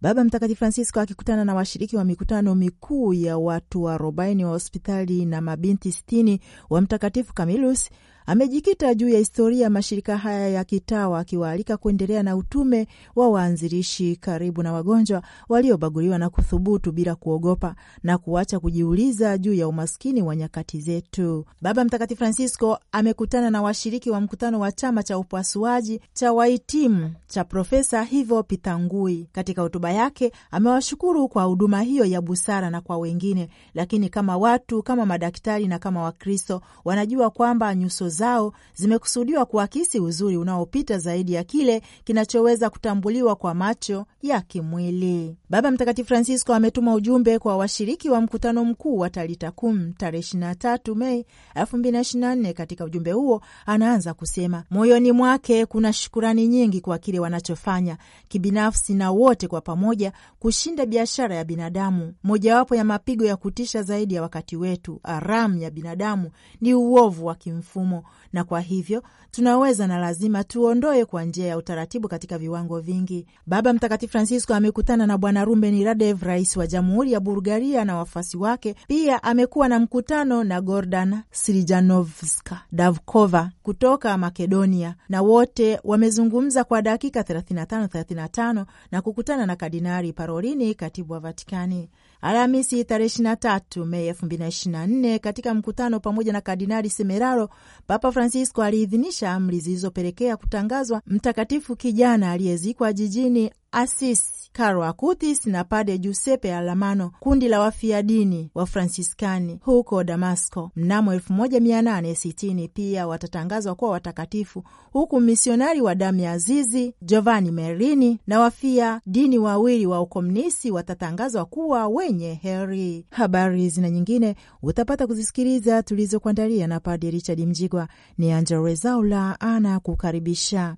Baba Mtakatifu Francisco akikutana na washiriki wa mikutano mikuu ya watu arobaini wa hospitali na mabinti sitini wa Mtakatifu Camillus Amejikita juu ya historia ya mashirika haya ya kitawa akiwaalika kuendelea na utume wa waanzilishi karibu na wagonjwa waliobaguliwa na kuthubutu bila kuogopa na kuacha kujiuliza juu ya umaskini wa nyakati zetu. Baba Mtakatifu Francisco amekutana na washiriki wa mkutano wa chama cha upasuaji cha wahitimu cha Profesa Hivo Pitangui. Katika hotuba yake amewashukuru kwa huduma hiyo ya busara na kwa wengine, lakini kama watu, kama madaktari na kama Wakristo wanajua kwamba nyuso zao zimekusudiwa kuakisi uzuri unaopita zaidi ya kile kinachoweza kutambuliwa kwa macho ya kimwili. Baba Mtakatifu Francisco ametuma ujumbe kwa washiriki wa mkutano mkuu wa Talita Kum tarehe 23 Mei 2024. Katika ujumbe huo anaanza kusema, moyoni mwake kuna shukurani nyingi kwa kile wanachofanya kibinafsi na wote kwa pamoja kushinda biashara ya binadamu. Mojawapo ya mapigo ya kutisha zaidi ya wakati wetu, haramu ya binadamu, ni uovu wa kimfumo na kwa hivyo tunaweza na lazima tuondoe kwa njia ya utaratibu katika viwango vingi. Baba Mtakatifu Francisco amekutana na Bwana Rumen Radev, rais wa Jamhuri ya Bulgaria na wafuasi wake. Pia amekuwa na mkutano na gordan Sirijanovska Davkova kutoka Makedonia, na wote wamezungumza kwa dakika 35 35 na kukutana na Kardinari Parolini, katibu wa Vatikani. Alhamisi tarehe 23 Mei 2024 katika mkutano pamoja na Kardinali Semeraro, Papa Francisco aliidhinisha amri zilizopelekea kutangazwa mtakatifu kijana aliyezikwa jijini Asisi Carlo Acutis na pade Giuseppe Alamano, kundi la wafia dini wa Fransiskani huko Damasco mnamo 1860 pia watatangazwa kuwa watakatifu, huku misionari wa damu ya Azizi Giovanni merini na wafia dini wawili wa ukomunisi watatangazwa kuwa wenye heri. Habari zina nyingine utapata kuzisikiliza tulizokuandalia na pade Richard Mjigwa. Ni Angella Rwezaula ana kukaribisha.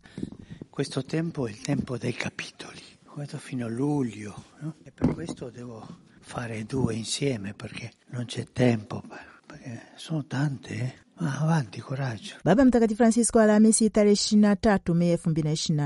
Questo tempo è il tempo dei capitoli, ho fino a luglio no? e per questo devo fare due insieme perché non c'è tempo, perché sono tante, eh? ma avanti, coraggio. Baba Mtakatifu Francisco Alhamisi tarehe 23 Mei 2024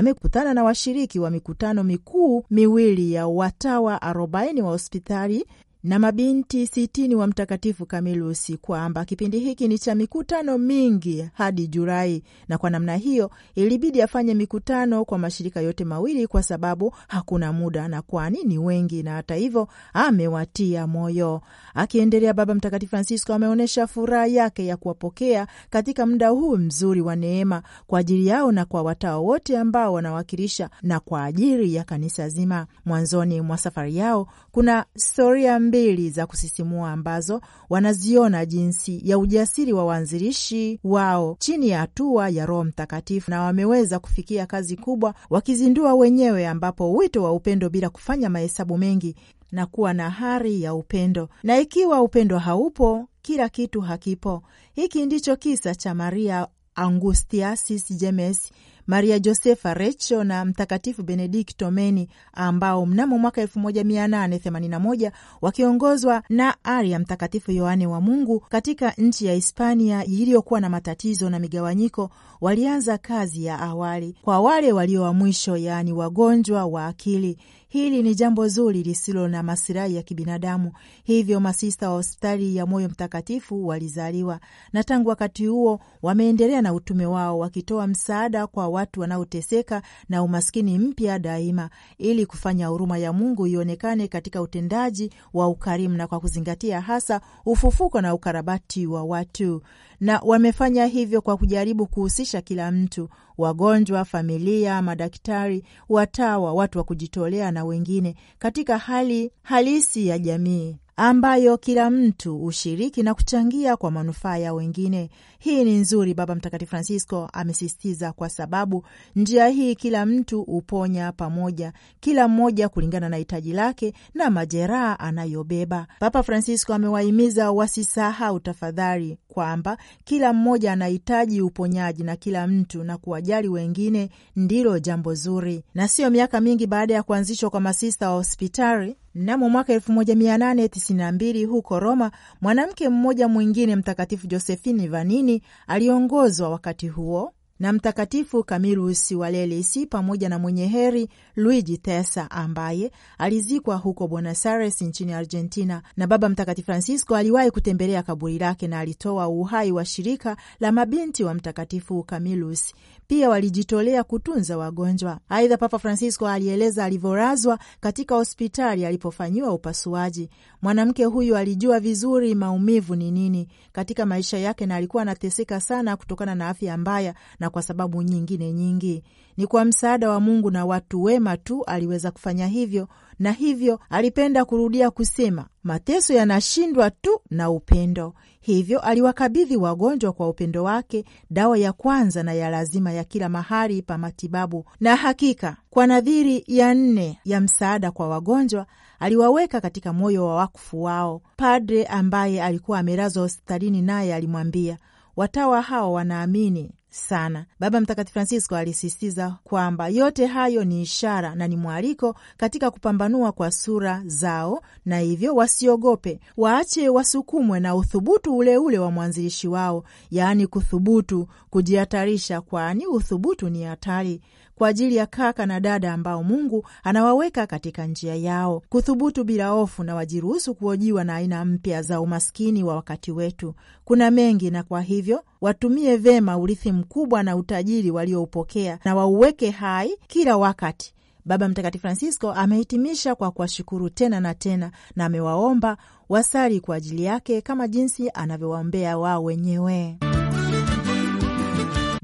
amekutana na washiriki wa mikutano mikuu miwili ya watawa 40 wa hospitali na mabinti sitini wa Mtakatifu Kamilusi kwamba kipindi hiki ni cha mikutano mingi hadi Julai, na kwa namna hiyo ilibidi afanye mikutano kwa mashirika yote mawili kwa sababu hakuna muda na kwani ni wengi, na hata hivyo amewatia moyo. Akiendelea, Baba Mtakatifu Francisco ameonyesha furaha yake ya kuwapokea katika muda huu mzuri wa neema kwa ajili yao na kwa watao wote ambao wanawakilisha na kwa ajili ya kanisa zima. Mwanzoni mwa safari yao kuna storia mbili za kusisimua ambazo wanaziona jinsi ya ujasiri wa waanzilishi wao chini ya hatua ya Roho Mtakatifu, na wameweza kufikia kazi kubwa wakizindua wenyewe, ambapo wito wa upendo bila kufanya mahesabu mengi na kuwa na hari ya upendo, na ikiwa upendo haupo, kila kitu hakipo. Hiki ndicho kisa cha Maria Angustiasis Jemes Maria Josefa Recho na Mtakatifu Benedikto Meni, ambao mnamo mwaka 1881 wakiongozwa na ari ya Mtakatifu Yohane wa Mungu katika nchi ya Hispania iliyokuwa na matatizo na migawanyiko, walianza kazi ya awali kwa wale walio wa mwisho, yaani wagonjwa wa akili Hili ni jambo zuri lisilo na masilahi ya kibinadamu. Hivyo masista wa hospitali ya Moyo Mtakatifu walizaliwa na tangu wakati huo wameendelea na utume wao, wakitoa msaada kwa watu wanaoteseka na umaskini mpya daima, ili kufanya huruma ya Mungu ionekane katika utendaji wa ukarimu na kwa kuzingatia hasa ufufuko na ukarabati wa watu na wamefanya hivyo kwa kujaribu kuhusisha kila mtu: wagonjwa, familia, madaktari, watawa, watu wa kujitolea na wengine katika hali halisi ya jamii ambayo kila mtu hushiriki na kuchangia kwa manufaa ya wengine. Hii ni nzuri, Baba Mtakatifu Francisco amesisitiza, kwa sababu njia hii kila mtu huponya pamoja, kila mmoja kulingana na hitaji lake na majeraha anayobeba. Papa Francisco amewahimiza wasisahau tafadhali kwamba kila mmoja anahitaji uponyaji na kila mtu, na kuwajali wengine ndilo jambo zuri. Na sio miaka mingi baada ya kuanzishwa kwa masista wa hospitali Mnamo mwaka 1892 huko Roma, mwanamke mmoja mwingine mtakatifu Josefini Vanini aliongozwa wakati huo na Mtakatifu Camillus Walelisi pamoja na mwenye heri Luigi Tessa ambaye alizikwa huko Buenos Aires nchini Argentina, na Baba Mtakatifu Francisco aliwahi kutembelea kaburi lake na alitoa uhai wa shirika la mabinti wa Mtakatifu Camillus. Pia walijitolea kutunza wagonjwa. Aidha, Papa Francisco alieleza alivyorazwa katika hospitali alipofanyiwa upasuaji. Mwanamke huyu alijua vizuri maumivu ni nini katika maisha yake, na alikuwa anateseka sana kutokana na afya mbaya na kwa sababu nyingine nyingi. Ni kwa msaada wa Mungu na watu wema tu aliweza kufanya hivyo, na hivyo alipenda kurudia kusema, mateso yanashindwa tu na upendo. Hivyo aliwakabidhi wagonjwa kwa upendo wake dawa ya kwanza na ya lazima ya kila mahali pa matibabu, na hakika kwa nadhiri ya nne ya msaada kwa wagonjwa aliwaweka katika moyo wa wakfu wao. Padre ambaye alikuwa amelazwa hospitalini naye alimwambia, watawa hao wanaamini sana. Baba Mtakatifu Francisco alisisitiza kwamba yote hayo ni ishara na ni mwaliko katika kupambanua kwa sura zao, na hivyo wasiogope, waache wasukumwe na uthubutu uleule ule wa mwanzilishi wao, yaani kuthubutu, kujihatarisha, kwani uthubutu ni hatari kwa ajili ya kaka na dada ambao Mungu anawaweka katika njia yao, kuthubutu bila hofu na wajiruhusu kuojiwa na aina mpya za umaskini wa wakati wetu. Kuna mengi, na kwa hivyo watumie vema urithi mkubwa na utajiri walioupokea na wauweke hai kila wakati. Baba Mtakatifu Francisco amehitimisha kwa kuwashukuru tena na tena, na amewaomba wasali kwa ajili yake kama jinsi anavyowaombea wao wenyewe.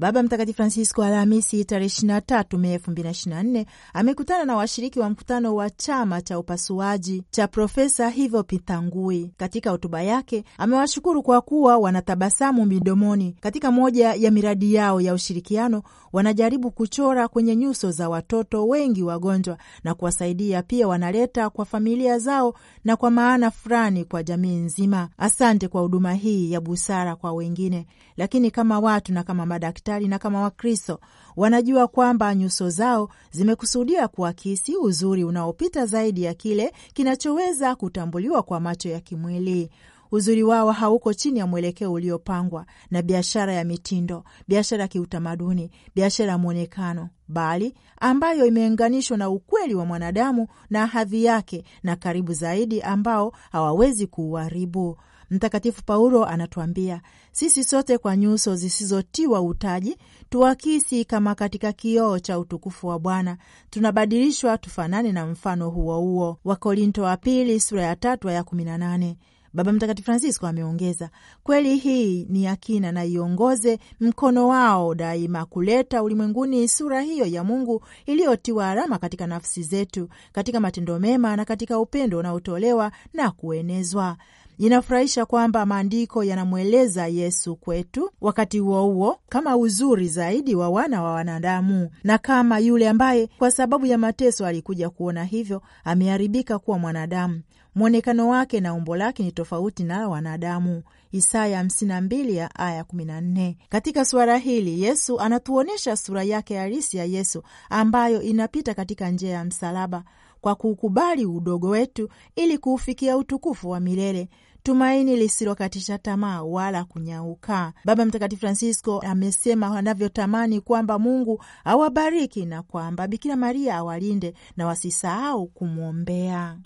Baba Mtakatifu Francisco Alhamisi tarehe 23 Mei 2024 amekutana na washiriki wa mkutano wa chama cha upasuaji cha Profesa Hivyo Pitangui. Katika hotuba yake amewashukuru kwa kuwa wanatabasamu midomoni. Katika moja ya miradi yao ya ushirikiano, wanajaribu kuchora kwenye nyuso za watoto wengi wagonjwa na kuwasaidia pia, wanaleta kwa familia zao na kwa maana fulani kwa jamii nzima. Asante kwa huduma hii ya busara kwa wengine, lakini kama watu na kama madaktari Kidigitali na kama Wakristo wanajua kwamba nyuso zao zimekusudia kuakisi uzuri unaopita zaidi ya kile kinachoweza kutambuliwa kwa macho ya kimwili. Uzuri wao hauko chini ya mwelekeo uliopangwa na biashara ya mitindo, biashara ya kiutamaduni, biashara ya mwonekano, bali ambayo imeunganishwa na ukweli wa mwanadamu na hadhi yake, na karibu zaidi, ambao hawawezi kuuharibu. Mtakatifu Paulo anatuambia sisi sote kwa nyuso zisizotiwa utaji tuakisi kama katika kioo cha utukufu wa Bwana tunabadilishwa tufanane na mfano huo huo. Wakorinto wa pili sura ya tatu aya kumi na nane. Baba Mtakatifu Francisco ameongeza, kweli hii ni yakina na iongoze mkono wao daima kuleta ulimwenguni sura hiyo ya Mungu iliyotiwa alama katika nafsi zetu, katika matendo mema na katika upendo unaotolewa na kuenezwa. Inafurahisha kwamba maandiko yanamweleza Yesu kwetu wakati huo huo kama uzuri zaidi wa wana wa wanadamu na kama yule ambaye kwa sababu ya mateso alikuja kuona hivyo ameharibika kuwa mwanadamu. Mwonekano wake na umbo lake ni tofauti na wanadamu. Isaya 52 aya 14. Katika suala hili Yesu anatuonyesha sura yake halisi ya Yesu ambayo inapita katika njia ya msalaba kwa kuukubali udogo wetu ili kuufikia utukufu wa milele tumaini lisilokatisha tamaa wala kunyauka. Baba Mtakatifu Francisco amesema anavyotamani kwamba Mungu awabariki na kwamba Bikira Maria awalinde na wasisahau kumwombea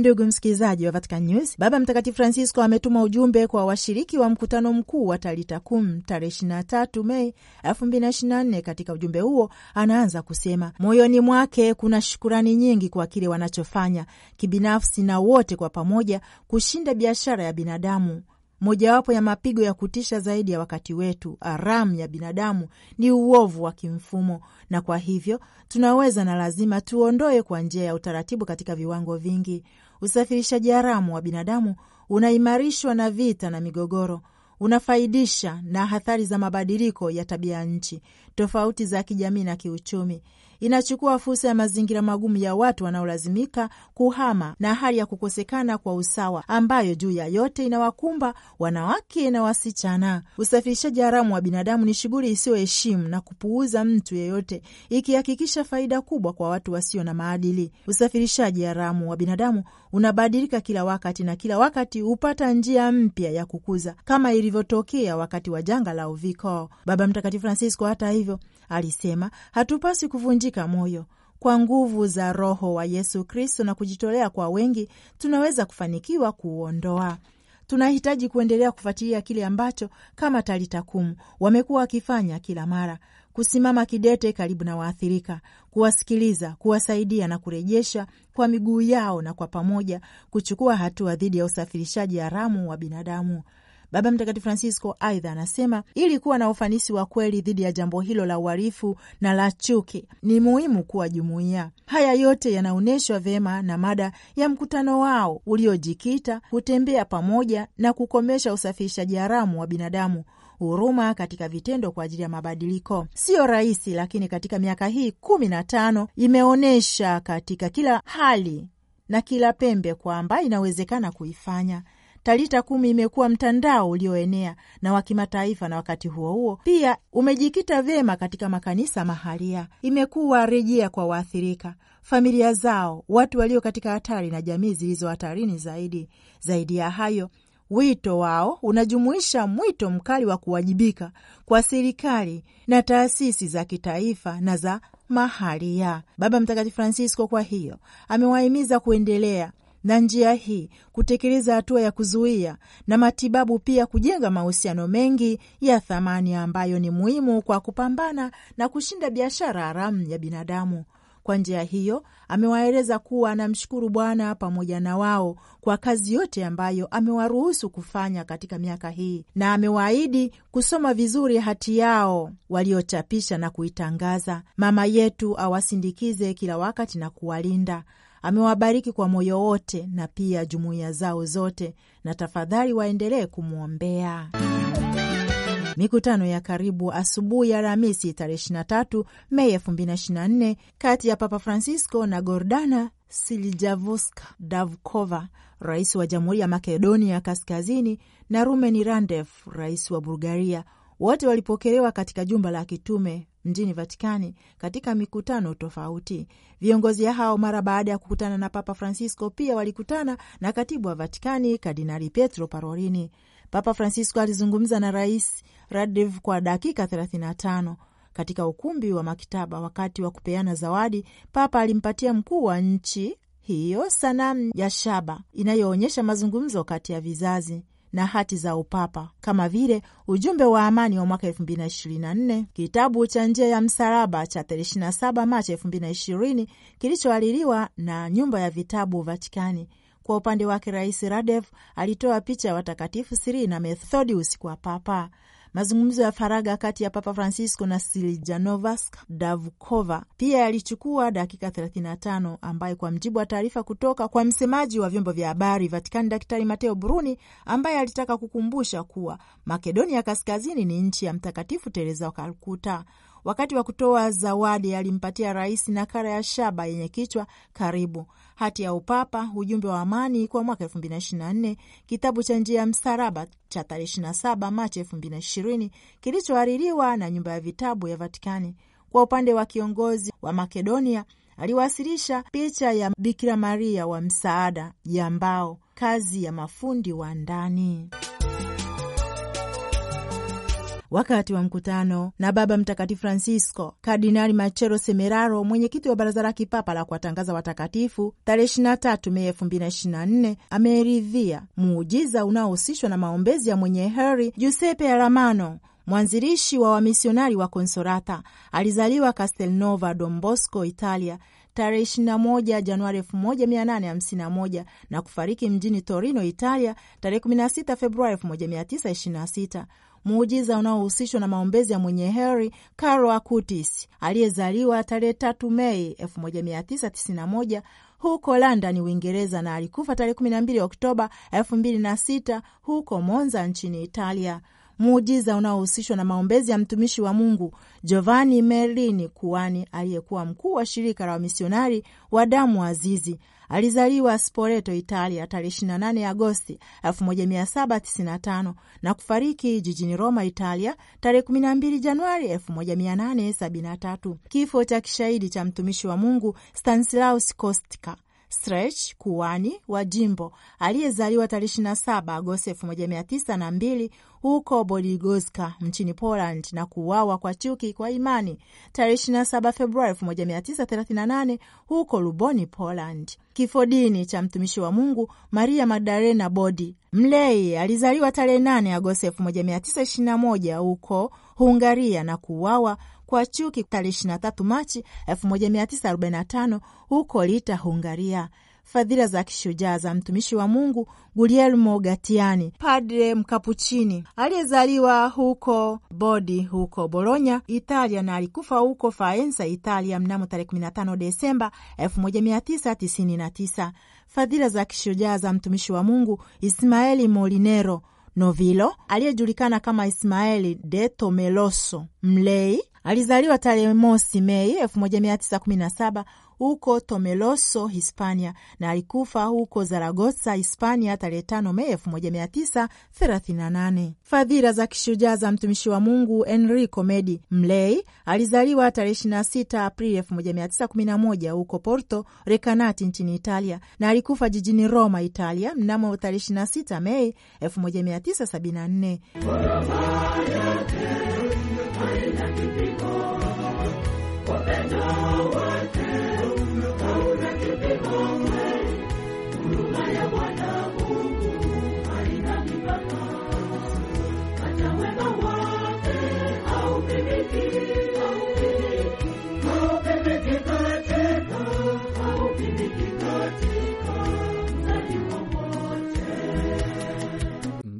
Ndugu msikilizaji wa Vatican News, Baba Mtakatifu Francisco ametuma ujumbe kwa washiriki wa mkutano mkuu wa Talita Kum tarehe 23 Mei 2024. Katika ujumbe huo anaanza kusema, moyoni mwake kuna shukurani nyingi kwa kile wanachofanya kibinafsi na wote kwa pamoja kushinda biashara ya binadamu. Mojawapo ya mapigo ya kutisha zaidi ya wakati wetu, haramu ya binadamu, ni uovu wa kimfumo, na kwa hivyo tunaweza na lazima tuondoe kwa njia ya utaratibu katika viwango vingi. Usafirishaji haramu wa binadamu unaimarishwa na vita na migogoro, unafaidisha na athari za mabadiliko ya tabia ya nchi tofauti za kijamii na kiuchumi. Inachukua fursa ya mazingira magumu ya watu wanaolazimika kuhama na hali ya kukosekana kwa usawa ambayo juu ya yote inawakumba wanawake na wasichana. Usafirishaji haramu wa binadamu ni shughuli isiyoheshimu na kupuuza mtu yeyote, ikihakikisha faida kubwa kwa watu wasio na maadili. Usafirishaji haramu wa binadamu unabadilika kila wakati na kila wakati hupata njia mpya ya kukuza, kama ilivyotokea wakati wa janga la Uviko. Baba Mtakatifu Francisco, hata hivyo hivyo, alisema hatupasi kuvunjika moyo. Kwa nguvu za Roho wa Yesu Kristo na kujitolea kwa wengi, tunaweza kufanikiwa kuuondoa. Tunahitaji kuendelea kufuatilia kile ambacho kama Talita Kum wamekuwa wakifanya kila mara, kusimama kidete karibu na waathirika, kuwasikiliza, kuwasaidia na kurejesha kwa miguu yao, na kwa pamoja kuchukua hatua dhidi ya usafirishaji haramu wa binadamu. Baba Mtakatifu Francisco aidha anasema ili kuwa na ufanisi wa kweli dhidi ya jambo hilo la uhalifu na la chuki ni muhimu kuwa jumuiya. Haya yote yanaonyeshwa vyema na mada ya mkutano wao uliojikita kutembea pamoja na kukomesha usafirishaji haramu wa binadamu huruma katika vitendo kwa ajili ya mabadiliko. Siyo rahisi, lakini katika miaka hii kumi na tano imeonyesha katika kila hali na kila pembe kwamba inawezekana kuifanya. Talita Kumi imekuwa mtandao ulioenea na wa kimataifa, na wakati huo huo pia umejikita vyema katika makanisa mahalia. Imekuwa rejea kwa waathirika, familia zao, watu walio katika hatari na jamii zilizo hatarini zaidi. Zaidi ya hayo wito wao unajumuisha mwito mkali wa kuwajibika kwa serikali na taasisi za kitaifa na za mahalia. Baba Mtakatifu Francisco kwa hiyo amewahimiza kuendelea na njia hii kutekeleza hatua ya kuzuia na matibabu, pia kujenga mahusiano mengi ya thamani ambayo ni muhimu kwa kupambana na kushinda biashara haramu ya binadamu. Kwa njia hiyo amewaeleza kuwa anamshukuru Bwana pamoja na wao kwa kazi yote ambayo amewaruhusu kufanya katika miaka hii, na amewaahidi kusoma vizuri hati yao waliochapisha na kuitangaza. Mama yetu awasindikize kila wakati na kuwalinda. Amewabariki kwa moyo wote na pia jumuiya zao zote, na tafadhali waendelee kumwombea. Mikutano ya karibu asubuhi ya Alhamisi tarehe 23 Mei 2024 kati ya Papa Francisco na Gordana Silijavuska Davkova, rais wa Jamhuri ya Makedonia ya Kaskazini, na rumeni randef rais wa Bulgaria, wote walipokelewa katika jumba la kitume mjini Vatikani katika mikutano tofauti. Viongozi hao mara baada ya kukutana na Papa Francisco pia walikutana na katibu wa Vatikani Kardinali Pietro Parolini. Papa Francisco alizungumza na Rais Radev kwa dakika 35 katika ukumbi wa maktaba. Wakati wa kupeana zawadi, Papa alimpatia mkuu wa nchi hiyo sanamu ya shaba inayoonyesha mazungumzo kati ya vizazi na hati za upapa kama vile ujumbe wa amani wa mwaka 2024, kitabu cha njia ya msalaba cha 37 Machi 2020 kilichoaliliwa na nyumba ya vitabu Vatikani. Kwa upande wake Rais Radev alitoa picha ya watakatifu Siri na Methodius kwa Papa. Mazungumzo ya faragha kati ya Papa Francisco na silijanovas Davukova pia yalichukua dakika 35 ambaye kwa mjibu wa taarifa kutoka kwa msemaji wa vyombo vya habari Vatikani, Daktari Mateo Bruni, ambaye alitaka kukumbusha kuwa Makedonia Kaskazini ni nchi ya Mtakatifu Teresa wa Kalkuta. Wakati wa kutoa zawadi alimpatia rais nakala ya shaba yenye kichwa karibu hati ya upapa, ujumbe wa amani kwa mwaka 2024, kitabu cha njia ya msalaba cha tarehe 27 Machi 2020 kilichohaririwa na nyumba ya vitabu ya Vatikani. Kwa upande wa kiongozi wa Makedonia, aliwasilisha picha ya Bikira Maria wa msaada ya mbao, kazi ya mafundi wa ndani wakati wa mkutano na Baba Mtakatifu Francisco. Kardinali Machero Semeraro, mwenyekiti wa Baraza la Kipapa la kuwatangaza watakatifu, tarehe 23 Mei 2024 ameridhia muujiza unaohusishwa na maombezi ya mwenye heri Giuseppe Aramano mwanzilishi wa wamisionari wa Konsolata. Alizaliwa Castelnova Dombosco, Italia tarehe 21 Januari 1851 na kufariki mjini Torino, Italia tarehe 16 Februari 1926 muujiza unaohusishwa na maombezi ya mwenye heri Carlo Acutis aliyezaliwa tarehe 3 Mei 1991 huko London, Uingereza, na alikufa tarehe 12 Oktoba 2006 huko Monza nchini Italia. Muujiza unaohusishwa na maombezi ya mtumishi wa Mungu Giovanni Merlini Kuani, aliyekuwa mkuu wa shirika la wamisionari wa damu azizi Alizaliwa Spoleto, Italia tarehe 28 Agosti 1795 na kufariki jijini Roma, Italia tarehe 12 Januari 1873. Kifo cha kishahidi cha mtumishi wa Mungu Stanislaus Kostka Strech kuwani wa jimbo aliyezaliwa tarehe 27 Agosti 1902 huko Boligoska nchini Poland na kuuawa kwa chuki kwa imani tarehe 27 Februari 1938 huko Luboni, Poland. Kifo dini cha mtumishi wa Mungu Maria Magdalena Bodi Mlei alizaliwa tarehe 8 Agosti 1921 huko Hungaria na kuuawa kwa chuki tarehe 23 Machi 1945 huko Lita, Hungaria fadhila za kishujaa za mtumishi wa Mungu Guglielmo Gatiani, padre mkapuchini aliyezaliwa huko Bodi huko Bologna, Italia, na alikufa huko Faenza, Italia mnamo tarehe 15 Desemba 1999. Fadhila za kishujaa za mtumishi wa Mungu Ismaeli Molinero Novilo aliyejulikana kama Ismaeli de Tomeloso Mlei alizaliwa tarehe mosi Mei 1917 huko Tomeloso, Hispania, na alikufa huko Zaragoza, Hispania, tarehe 5 Mei 1938. Fadhila za kishujaa za mtumishi wa Mungu Enrico Medi Mlei alizaliwa tarehe 26 Aprili 1911 huko Porto Recanati nchini Italia na alikufa jijini Roma, Italia mnamo tarehe 26 Mei 1974.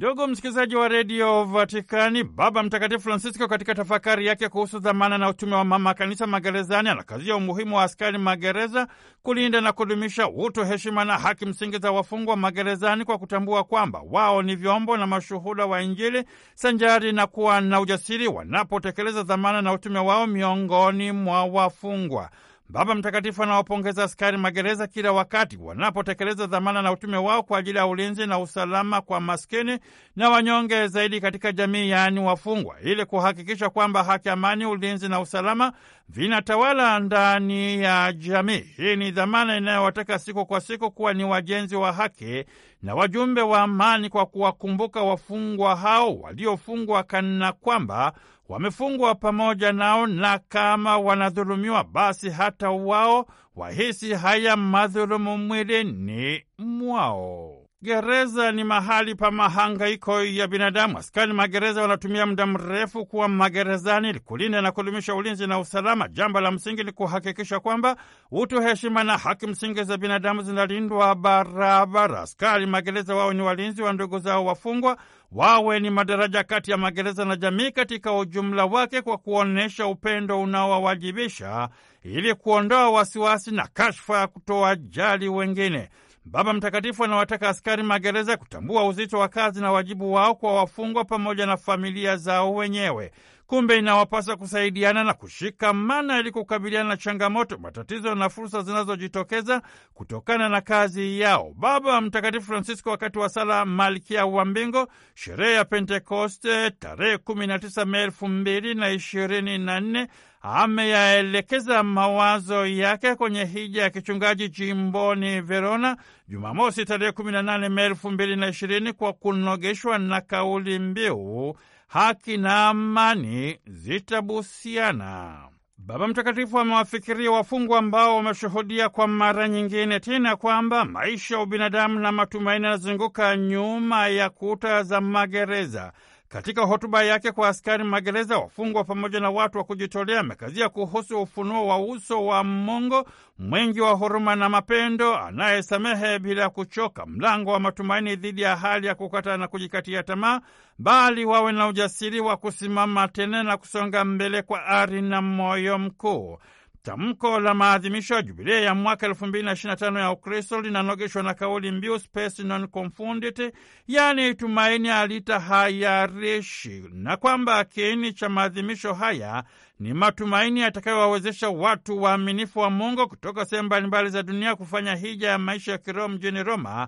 Ndugu msikilizaji wa redio Vatikani, Baba Mtakatifu Francisco katika tafakari yake kuhusu dhamana na utume wa mama kanisa magerezani anakazia umuhimu wa askari magereza kulinda na kudumisha utu, heshima na haki msingi za wafungwa magerezani kwa kutambua kwamba wao ni vyombo na mashuhuda wa Injili sanjari na kuwa na ujasiri wanapotekeleza dhamana na utume wao miongoni mwa wafungwa. Baba Mtakatifu anawapongeza askari magereza kila wakati wanapotekeleza dhamana na utume wao kwa ajili ya ulinzi na usalama kwa maskini na wanyonge zaidi katika jamii, yaani wafungwa, ili kuhakikisha kwamba haki, amani, ulinzi na usalama vinatawala ndani ya jamii. Hii ni dhamana inayowataka siku kwa siku kuwa ni wajenzi wa haki na wajumbe wa amani, kwa kuwakumbuka wafungwa hao waliofungwa kana kwamba wamefungwa pamoja nao, na kama wanadhulumiwa, basi hata wao wahisi haya madhulumu mwilini mwao. Gereza ni mahali pa mahangaiko ya binadamu. Askari magereza wanatumia muda mrefu kuwa magerezani kulinda na kudumisha ulinzi na usalama. Jambo la msingi ni kuhakikisha kwamba utu, heshima na haki msingi za binadamu zinalindwa barabara. Askari magereza wao ni walinzi wa ndugu zao wafungwa, wawe ni madaraja kati ya magereza na jamii katika ujumla wake, kwa kuonyesha upendo unaowajibisha ili kuondoa wasiwasi na kashfa ya kutowajali wengine. Baba Mtakatifu anawataka askari magereza kutambua uzito wa kazi na wajibu wao kwa wafungwa pamoja na familia zao wenyewe. Kumbe inawapasa kusaidiana na kushikamana ili kukabiliana na changamoto, matatizo na fursa zinazojitokeza kutokana na kazi yao. Baba Mtakatifu Francisco, wakati wa sala Malkia wa Mbingo, sherehe ya Pentekoste tarehe 19 Mei 2024 ameyaelekeza mawazo yake kwenye hija ya kichungaji jimboni Verona Jumamosi tarehe 18 Mei 2020 kwa kunogeshwa na kauli mbiu haki na amani zitabusiana. Baba Mtakatifu amewafikiria wafungwa ambao wameshuhudia kwa mara nyingine tena kwamba maisha ya ubinadamu na matumaini yanazunguka nyuma ya kuta za magereza. Katika hotuba yake kwa askari magereza, wafungwa pamoja na watu wa kujitolea, amekazia kuhusu ufunuo wa uso wa Mungu mwingi wa huruma na mapendo, anayesamehe bila kuchoka, mlango wa matumaini dhidi ya hali ya kukata na kujikatia tamaa, bali wawe na ujasiri wa kusimama tena na kusonga mbele kwa ari na moyo mkuu. Tamko la maadhimisho ya jubilei ya mwaka 2025 ya Ukristo linanogeshwa na kauli mbiu spes non confundit, yaani tumaini halitahayarishi, na kwamba kiini cha maadhimisho haya ni matumaini yatakayowawezesha watu waaminifu wa Mungu kutoka sehemu mbalimbali za dunia kufanya hija ya maisha ya kiroho mjini Roma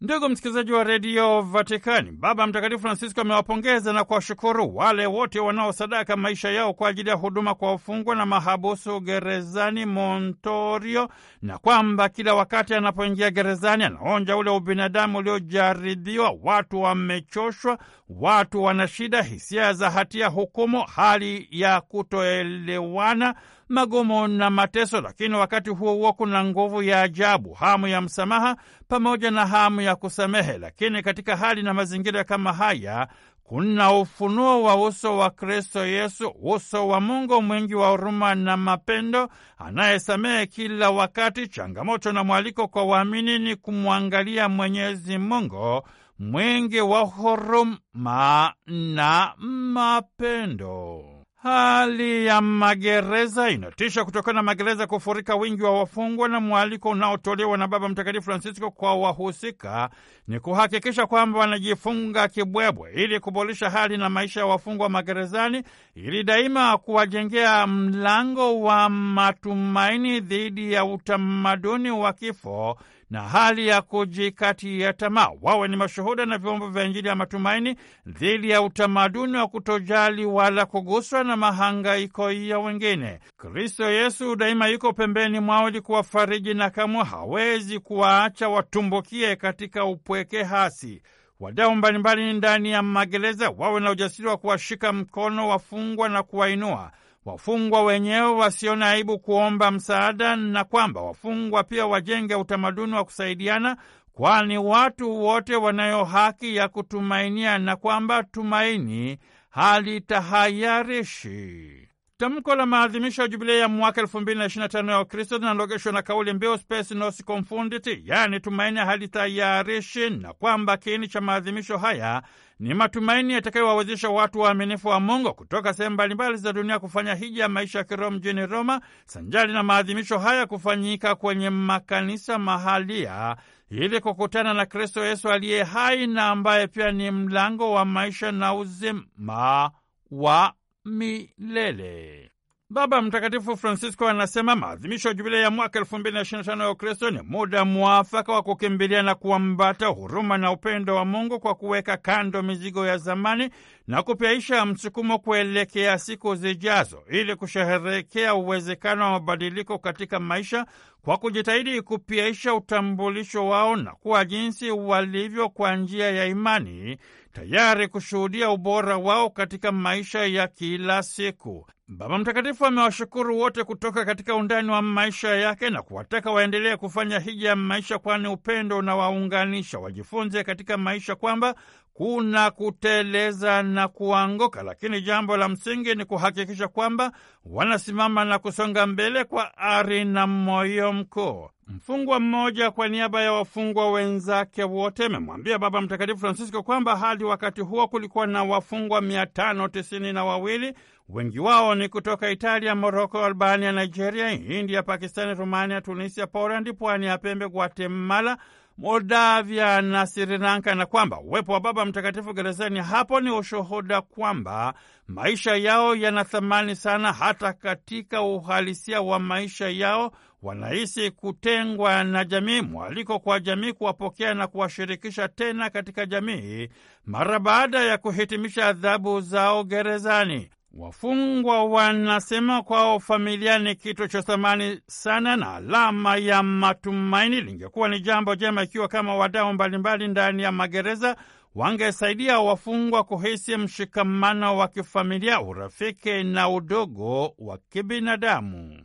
Ndugu msikilizaji wa redio Vatikani, Baba Mtakatifu Francisco amewapongeza na kuwashukuru wale wote wanaosadaka maisha yao kwa ajili ya huduma kwa wafungwa na mahabusu gerezani Montorio, na kwamba kila wakati anapoingia gerezani anaonja ule ubinadamu uliojaridhiwa. Watu wamechoshwa, watu wana shida, hisia za hatia, hukumu, hali ya kutoelewana magumu na mateso, lakini wakati huo huo kuna nguvu ya ajabu, hamu ya msamaha pamoja na hamu ya kusamehe. Lakini katika hali na mazingira kama haya kuna ufunuo wa uso wa Kristo Yesu, uso wa Mungu mwingi wa huruma na mapendo, anayesamehe kila wakati. Changamoto na mwaliko kwa waamini ni kumwangalia Mwenyezi Mungu mwingi wa huruma na mapendo. Hali ya magereza inatisha kutokana na magereza kufurika, wingi wa wafungwa na mwaliko unaotolewa na Baba Mtakatifu Francisco kwa wahusika ni kuhakikisha kwamba wanajifunga kibwebwe ili kuboresha hali na maisha ya wafungwa magerezani, ili daima kuwajengea mlango wa matumaini dhidi ya utamaduni wa kifo na hali ya kujikati ya tamaa. Wawe ni mashuhuda na vyombo vya Injili ya matumaini dhidi ya utamaduni wa kutojali wala kuguswa na mahangaiko ya wengine. Kristo Yesu daima yuko pembeni mwao ili kuwafariji, na kamwe hawezi kuwaacha watumbukie katika upweke hasi. Wadau mbalimbali ndani ya magereza wawe na ujasiri wa kuwashika mkono wafungwa na kuwainua wafungwa wenyewe wasiona aibu kuomba msaada na kwamba wafungwa pia wajenge utamaduni wa kusaidiana, kwani watu wote wanayo haki ya kutumainia na kwamba tumaini halitahayarishi. Tamko la maadhimisho ya jubilei ya mwaka elfu mbili na ishirini na tano ya Ukristo linalogeshwa na kauli mbiu spes nos confundit, yaani tumaini halitayarishi, na kwamba kiini cha maadhimisho haya ni matumaini yatakayowawezesha watu waaminifu wa Mungu kutoka sehemu mbalimbali za dunia kufanya hija ya maisha ya kiroho mjini Roma, sanjali na maadhimisho haya kufanyika kwenye makanisa mahalia ili kukutana na Kristo Yesu aliye hai na ambaye pia ni mlango wa maisha na uzima wa milele. Baba Mtakatifu Francisco anasema maadhimisho ya jubilei ya mwaka elfu mbili na ishirini na tano ya Ukristo ni muda mwafaka wa kukimbilia na kuambata huruma na upendo wa Mungu kwa kuweka kando mizigo ya zamani na kupyaisha msukumo kuelekea siku zijazo, ili kusherehekea uwezekano wa mabadiliko katika maisha, kwa kujitahidi kupiaisha utambulisho wao na kuwa jinsi walivyo kwa njia ya imani, tayari kushuhudia ubora wao katika maisha ya kila siku. Baba Mtakatifu amewashukuru wote kutoka katika undani wa maisha yake na kuwataka waendelee kufanya hija ya maisha, kwani upendo unawaunganisha. Wajifunze katika maisha kwamba kuna kuteleza na kuanguka, lakini jambo la msingi ni kuhakikisha kwamba wanasimama na kusonga mbele kwa ari na moyo mkuu. Mfungwa mmoja kwa niaba ya wafungwa wenzake wote amemwambia Baba Mtakatifu Francisco kwamba hadi wakati huo kulikuwa na wafungwa mia tano tisini na wawili. Wengi wao ni kutoka Italia, Moroko, Albania, Nigeria, India, Pakistani, Rumania, Tunisia, Poland, pwani ya pembe, Guatemala, Moldavia na Sri Lanka, na kwamba uwepo wa Baba Mtakatifu gerezani hapo ni ushuhuda kwamba maisha yao yana thamani sana. Hata katika uhalisia wa maisha yao wanahisi kutengwa na jamii. Mwaliko kwa jamii kuwapokea na kuwashirikisha tena katika jamii mara baada ya kuhitimisha adhabu zao gerezani. Wafungwa wanasema kwao familia ni kitu cha thamani sana na alama ya matumaini. Lingekuwa ni jambo jema ikiwa kama wadau mbalimbali ndani ya magereza wangesaidia wafungwa kuhisi mshikamano wa kifamilia, urafiki na udogo wa kibinadamu.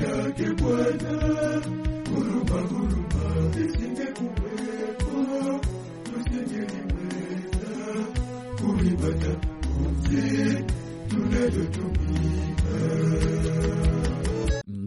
yake Bwana, huruma huruma isingekuwepo, tusingeliweza kulipata pumzi tunalotumika.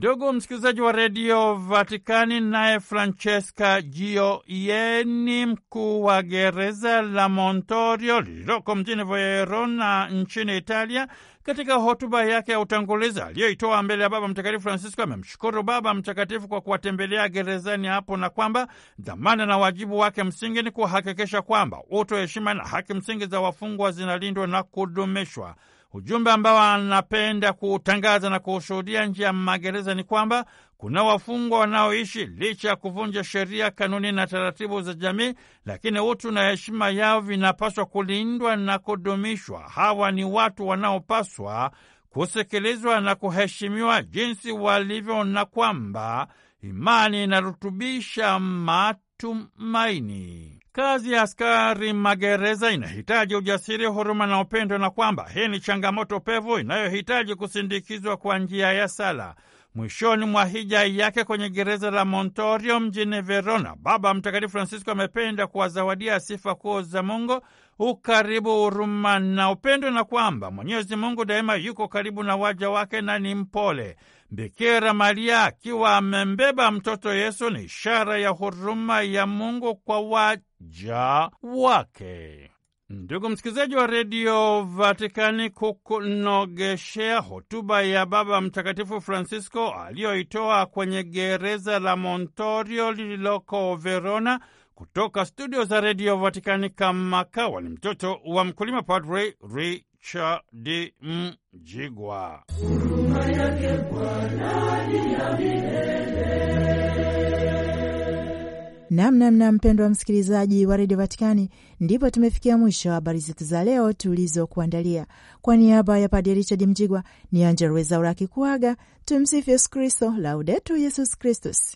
Ndugu msikilizaji wa redio Vatikani, naye Francesca Gioieni, mkuu wa gereza la Montorio lililoko mjini Verona nchini Italia, katika hotuba yake ya utangulizi aliyoitoa mbele ya Baba Mtakatifu Francisco amemshukuru Baba Mtakatifu kwa kuwatembelea gerezani hapo na kwamba dhamana na wajibu wake msingi ni kuhakikisha kwamba utu, heshima na haki msingi za wafungwa zinalindwa na kudumishwa. Ujumbe ambao anapenda kuutangaza na kuushuhudia nje ya magereza ni kwamba kuna wafungwa wanaoishi licha ya kuvunja sheria, kanuni na taratibu za jamii, lakini utu na heshima yao vinapaswa kulindwa na kudumishwa. Hawa ni watu wanaopaswa kusikilizwa na kuheshimiwa jinsi walivyo, na kwamba imani inarutubisha matumaini. Kazi ya askari magereza inahitaji ujasiri, huruma na upendo, na kwamba hii ni changamoto pevu inayohitaji kusindikizwa kwa njia ya sala. Mwishoni mwa hija yake kwenye gereza la Montorio mjini Verona, Baba Mtakatifu Francisco amependa kuwazawadia sifa kuu za Mungu, ukaribu, huruma na upendo, na kwamba Mwenyezi Mungu daima yuko karibu na waja wake na ni mpole. Bikira Maria akiwa amembeba mtoto Yesu ni ishara ya huruma ya Mungu kwa waja wake. Ndugu msikilizaji wa redio Vatikani, kukunogeshea hotuba ya Baba Mtakatifu Francisco aliyoitoa kwenye gereza la Montorio lililoko Verona, kutoka studio za redio Vatikani kamakawa ni mtoto wa mkulima, Padre Richard Mjigwa. Neema yake Namnamna mpendwa msikilizaji wa redio Vatikani, ndipo tumefikia mwisho wa habari zetu za leo tulizokuandalia. Kwa niaba ya Padre Richard Mjigwa ni Angella Urakikuaga, Tumsifu Yesu Kristo, laudetu Yesus Kristus.